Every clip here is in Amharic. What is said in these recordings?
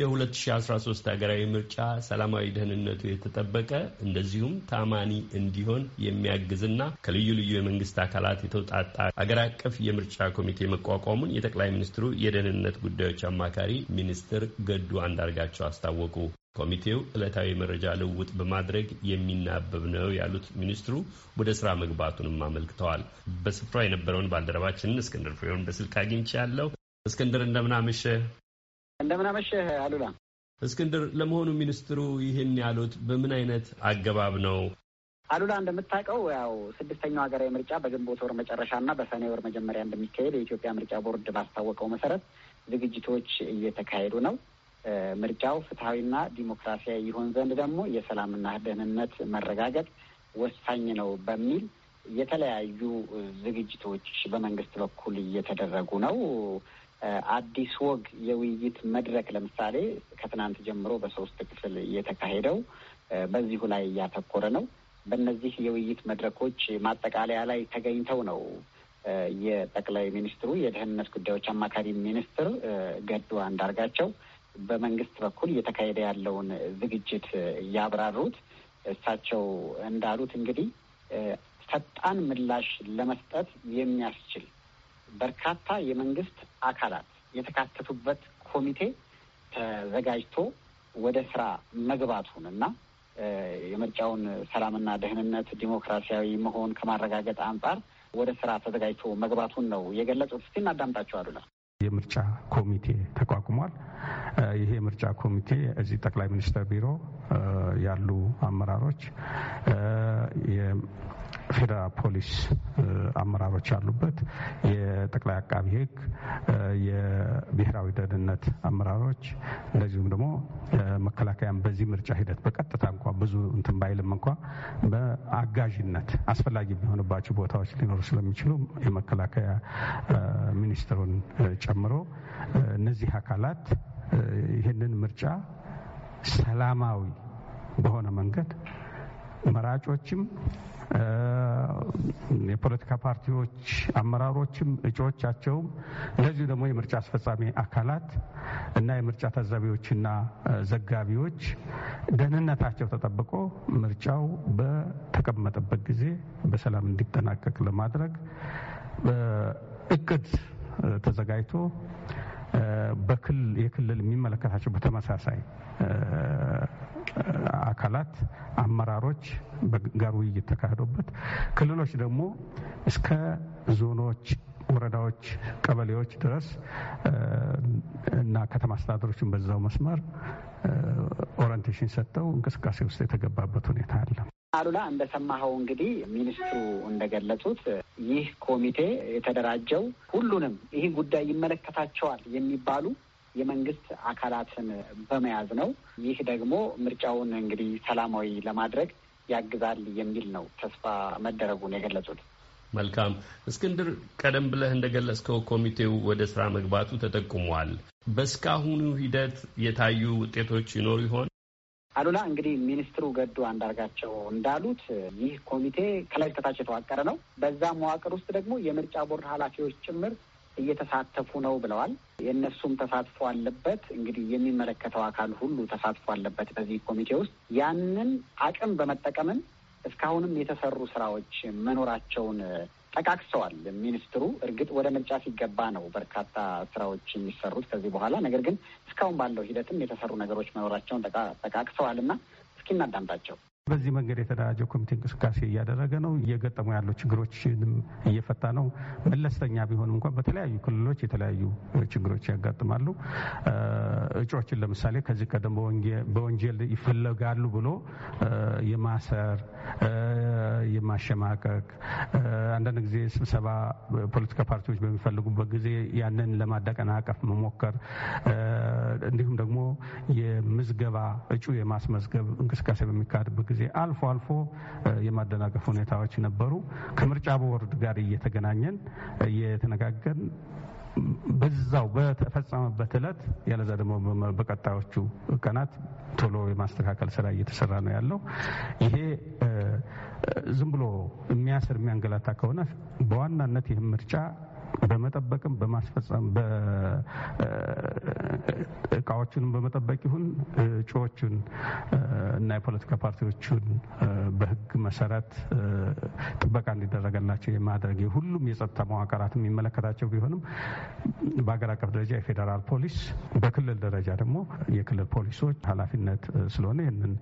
የ2013 ሀገራዊ ምርጫ ሰላማዊ፣ ደህንነቱ የተጠበቀ እንደዚሁም ታማኒ እንዲሆን የሚያግዝና ከልዩ ልዩ የመንግስት አካላት የተውጣጣ አገር አቀፍ የምርጫ ኮሚቴ መቋቋሙን የጠቅላይ ሚኒስትሩ የደህንነት ጉዳዮች አማካሪ ሚኒስትር ገዱ አንዳርጋቸው አስታወቁ። ኮሚቴው ዕለታዊ መረጃ ልውውጥ በማድረግ የሚናበብ ነው ያሉት ሚኒስትሩ ወደ ስራ መግባቱንም አመልክተዋል። በስፍራው የነበረውን ባልደረባችንን እስክንድር ፍሬውን በስልክ አግኝቻለሁ። እስክንድር እንደምናመሸ እንደምን አመሸህ አሉላ። እስክንድር፣ ለመሆኑ ሚኒስትሩ ይህን ያሉት በምን አይነት አገባብ ነው? አሉላ እንደምታውቀው ያው ስድስተኛው ሀገራዊ ምርጫ በግንቦት ወር መጨረሻና በሰኔ ወር መጀመሪያ እንደሚካሄድ የኢትዮጵያ ምርጫ ቦርድ ባስታወቀው መሰረት ዝግጅቶች እየተካሄዱ ነው። ምርጫው ፍትሐዊና ዲሞክራሲያዊ ይሆን ዘንድ ደግሞ የሰላምና ደህንነት መረጋገጥ ወሳኝ ነው በሚል የተለያዩ ዝግጅቶች በመንግስት በኩል እየተደረጉ ነው። አዲስ ወግ የውይይት መድረክ ለምሳሌ ከትናንት ጀምሮ በሶስት ክፍል እየተካሄደው በዚሁ ላይ እያተኮረ ነው። በእነዚህ የውይይት መድረኮች ማጠቃለያ ላይ ተገኝተው ነው የጠቅላይ ሚኒስትሩ የደህንነት ጉዳዮች አማካሪ ሚኒስትር ገዱ አንዳርጋቸው በመንግስት በኩል እየተካሄደ ያለውን ዝግጅት ያብራሩት። እሳቸው እንዳሉት እንግዲህ ፈጣን ምላሽ ለመስጠት የሚያስችል በርካታ የመንግስት አካላት የተካተቱበት ኮሚቴ ተዘጋጅቶ ወደ ስራ መግባቱን እና የምርጫውን ሰላምና ደህንነት ዲሞክራሲያዊ መሆን ከማረጋገጥ አንጻር ወደ ስራ ተዘጋጅቶ መግባቱን ነው የገለጹት። እስቲ እናዳምጣቸው አሉላ። የምርጫ ኮሚቴ ተቋቁሟል። ይሄ የምርጫ ኮሚቴ እዚህ ጠቅላይ ሚኒስትር ቢሮ ያሉ አመራሮች ፌዴራል ፖሊስ አመራሮች ያሉበት የጠቅላይ አቃቢ ህግ የብሔራዊ ደህንነት አመራሮች እንደዚሁም ደግሞ መከላከያም በዚህ ምርጫ ሂደት በቀጥታ እንኳ ብዙ እንትን ባይልም እንኳ በአጋዥነት አስፈላጊ የሚሆንባቸው ቦታዎች ሊኖሩ ስለሚችሉ የመከላከያ ሚኒስትሩን ጨምሮ እነዚህ አካላት ይህንን ምርጫ ሰላማዊ በሆነ መንገድ መራጮችም የፖለቲካ ፓርቲዎች አመራሮችም እጩዎቻቸውም እንደዚሁ ደግሞ የምርጫ አስፈጻሚ አካላት እና የምርጫ ታዛቢዎችና ዘጋቢዎች ደህንነታቸው ተጠብቆ ምርጫው በተቀመጠበት ጊዜ በሰላም እንዲጠናቀቅ ለማድረግ እቅድ ተዘጋጅቶ የክልል የሚመለከታቸው በተመሳሳይ አካላት አመራሮች በጋር ውይይት ተካሂዶበት ክልሎች ደግሞ እስከ ዞኖች ወረዳዎች፣ ቀበሌዎች ድረስ እና ከተማ አስተዳደሮችን በዛው መስመር ኦሪንቴሽን ሰጥተው እንቅስቃሴ ውስጥ የተገባበት ሁኔታ አለ። አሉላ እንደሰማኸው እንግዲህ ሚኒስትሩ እንደገለጹት ይህ ኮሚቴ የተደራጀው ሁሉንም ይህ ጉዳይ ይመለከታቸዋል የሚባሉ የመንግስት አካላትን በመያዝ ነው። ይህ ደግሞ ምርጫውን እንግዲህ ሰላማዊ ለማድረግ ያግዛል የሚል ነው ተስፋ መደረጉን የገለጹት። መልካም እስክንድር፣ ቀደም ብለህ እንደገለጽከው ኮሚቴው ወደ ስራ መግባቱ ተጠቁሟል። በእስካሁኑ ሂደት የታዩ ውጤቶች ይኖሩ ይሆን? አሉላ እንግዲህ ሚኒስትሩ ገዱ አንዳርጋቸው እንዳሉት ይህ ኮሚቴ ከላይ ከታች የተዋቀረ ነው። በዛ መዋቅር ውስጥ ደግሞ የምርጫ ቦርድ ኃላፊዎች ጭምር እየተሳተፉ ነው ብለዋል። የእነሱም ተሳትፎ አለበት። እንግዲህ የሚመለከተው አካል ሁሉ ተሳትፎ አለበት በዚህ ኮሚቴ ውስጥ ያንን አቅም በመጠቀምም እስካሁንም የተሰሩ ስራዎች መኖራቸውን ጠቃቅሰዋል ሚኒስትሩ። እርግጥ ወደ ምርጫ ሲገባ ነው በርካታ ስራዎች የሚሰሩት ከዚህ በኋላ ነገር ግን እስካሁን ባለው ሂደትም የተሰሩ ነገሮች መኖራቸውን ጠቃቅሰዋል እና እስኪ እናዳምጣቸው። በዚህ መንገድ የተደራጀው ኮሚቴ እንቅስቃሴ እያደረገ ነው። እየገጠሙ ያሉ ችግሮችንም እየፈታ ነው። መለስተኛ ቢሆንም እንኳን በተለያዩ ክልሎች የተለያዩ ችግሮች ያጋጥማሉ። እጩዎችን ለምሳሌ ከዚህ ቀደም በወንጀል ይፈለጋሉ ብሎ የማሰር የማሸማቀቅ አንዳንድ ጊዜ ስብሰባ ፖለቲካ ፓርቲዎች በሚፈልጉበት ጊዜ ያንን ለማደቀናቀፍ መሞከር እንዲሁም ደግሞ የምዝገባ እጩ የማስመዝገብ እንቅስቃሴ በሚካሄድበት ጊዜ ጊዜ አልፎ አልፎ የማደናቀፍ ሁኔታዎች ነበሩ። ከምርጫ ቦርድ ጋር እየተገናኘን እየተነጋገን በዛው በተፈጸመበት እለት ያለዛ ደግሞ በቀጣዮቹ ቀናት ቶሎ የማስተካከል ስራ እየተሰራ ነው ያለው። ይሄ ዝም ብሎ የሚያስር የሚያንገላታ ከሆነ በዋናነት ይህም ምርጫ በመጠበቅም በማስፈጸም እቃዎችን በመጠበቅ ይሁን እጩዎቹን እና የፖለቲካ ፓርቲዎቹን በህግ መሰረት ጥበቃ እንዲደረገላቸው የማድረግ ሁሉም የጸጥታ መዋቅራት የሚመለከታቸው ቢሆንም በሀገር አቀፍ ደረጃ የፌዴራል ፖሊስ፣ በክልል ደረጃ ደግሞ የክልል ፖሊሶች ኃላፊነት ስለሆነ ይህንን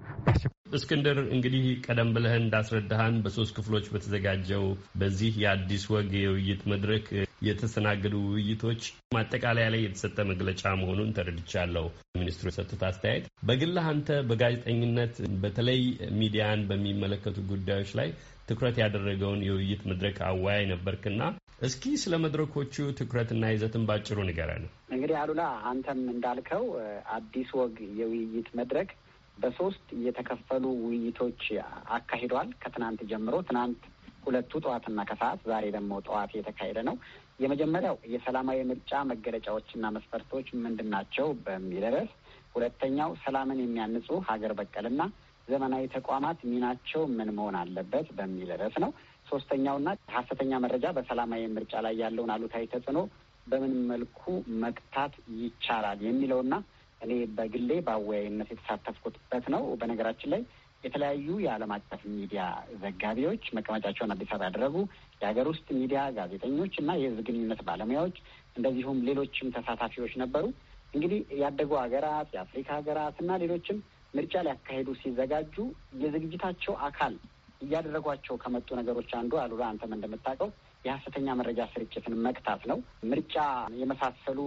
እስክንድር እንግዲህ ቀደም ብለህ እንዳስረዳሃን በሶስት ክፍሎች በተዘጋጀው በዚህ የአዲስ ወግ የውይይት መድረክ የተሰናገዱ ውይይቶች ማጠቃለያ ላይ የተሰጠ መግለጫ መሆኑን ተረድቻለሁ። ሚኒስትሩ የሰጡት አስተያየት በግል አንተ በጋዜጠኝነት በተለይ ሚዲያን በሚመለከቱ ጉዳዮች ላይ ትኩረት ያደረገውን የውይይት መድረክ አወያይ ነበርክና እስኪ ስለ መድረኮቹ ትኩረትና ይዘትን ባጭሩ ንገረን። እንግዲህ አሉላ አንተም እንዳልከው አዲስ ወግ የውይይት መድረክ በሶስት የተከፈሉ ውይይቶች አካሂዷል። ከትናንት ጀምሮ ትናንት ሁለቱ ጠዋትና ከሰዓት ዛሬ ደግሞ ጠዋት የተካሄደ ነው። የመጀመሪያው የሰላማዊ ምርጫ መገለጫዎችና መስፈርቶች ምንድን ናቸው በሚል ርዕስ፣ ሁለተኛው ሰላምን የሚያንጹ ሀገር በቀልና ዘመናዊ ተቋማት ሚናቸው ምን መሆን አለበት በሚል ርዕስ ነው። ሶስተኛውና ሀሰተኛ መረጃ በሰላማዊ ምርጫ ላይ ያለውን አሉታዊ ተጽዕኖ በምን መልኩ መግታት ይቻላል የሚለውና እኔ በግሌ በአወያይነት የተሳተፍኩበት ነው። በነገራችን ላይ የተለያዩ የዓለም አቀፍ ሚዲያ ዘጋቢዎች መቀመጫቸውን አዲስ አበባ ያደረጉ የሀገር ውስጥ ሚዲያ ጋዜጠኞች እና የህዝብ ግንኙነት ባለሙያዎች እንደዚሁም ሌሎችም ተሳታፊዎች ነበሩ። እንግዲህ ያደጉ ሀገራት፣ የአፍሪካ ሀገራት እና ሌሎችም ምርጫ ሊያካሄዱ ሲዘጋጁ የዝግጅታቸው አካል እያደረጓቸው ከመጡ ነገሮች አንዱ አሉላ አንተም እንደምታውቀው የሀሰተኛ መረጃ ስርጭትን መቅታት ነው። ምርጫ የመሳሰሉ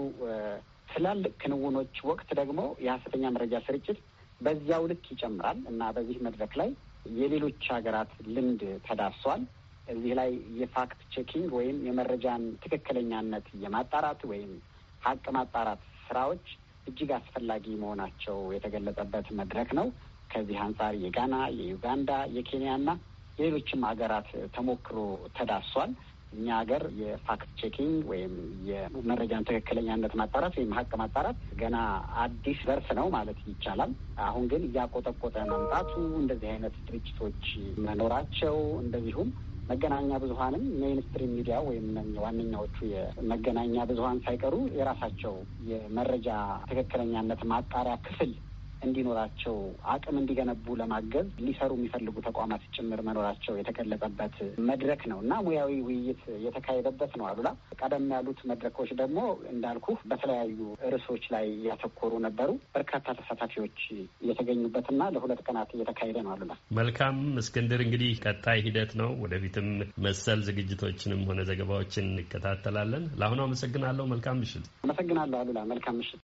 ትላልቅ ክንውኖች ወቅት ደግሞ የሀሰተኛ መረጃ ስርጭት በዚያው ልክ ይጨምራል እና በዚህ መድረክ ላይ የሌሎች ሀገራት ልምድ ተዳርሷል። እዚህ ላይ የፋክት ቼኪንግ ወይም የመረጃን ትክክለኛነት የማጣራት ወይም ሀቅ ማጣራት ስራዎች እጅግ አስፈላጊ መሆናቸው የተገለጸበት መድረክ ነው። ከዚህ አንጻር የጋና፣ የዩጋንዳ፣ የኬንያና የሌሎችም ሀገራት ተሞክሮ ተዳሷል። እኛ ሀገር የፋክት ቼኪንግ ወይም የመረጃን ትክክለኛነት ማጣራት ወይም ሀቅ ማጣራት ገና አዲስ ዘርፍ ነው ማለት ይቻላል። አሁን ግን እያቆጠቆጠ መምጣቱ እንደዚህ አይነት ድርጅቶች መኖራቸው እንደዚሁም መገናኛ ብዙኃንም ሜይንስትሪም ሚዲያ ወይም ዋነኛዎቹ የመገናኛ ብዙኃን ሳይቀሩ የራሳቸው የመረጃ ትክክለኛነት ማጣሪያ ክፍል እንዲኖራቸው አቅም እንዲገነቡ ለማገዝ ሊሰሩ የሚፈልጉ ተቋማት ጭምር መኖራቸው የተገለጸበት መድረክ ነው እና ሙያዊ ውይይት የተካሄደበት ነው። አሉላ ቀደም ያሉት መድረኮች ደግሞ እንዳልኩ በተለያዩ ርዕሶች ላይ ያተኮሩ ነበሩ። በርካታ ተሳታፊዎች እየተገኙበትና ለሁለት ቀናት እየተካሄደ ነው። አሉላ መልካም እስክንድር፣ እንግዲህ ቀጣይ ሂደት ነው። ወደፊትም መሰል ዝግጅቶችንም ሆነ ዘገባዎችን እንከታተላለን። ለአሁኑ አመሰግናለሁ። መልካም ምሽት። አመሰግናለሁ አሉላ። መልካም ምሽት።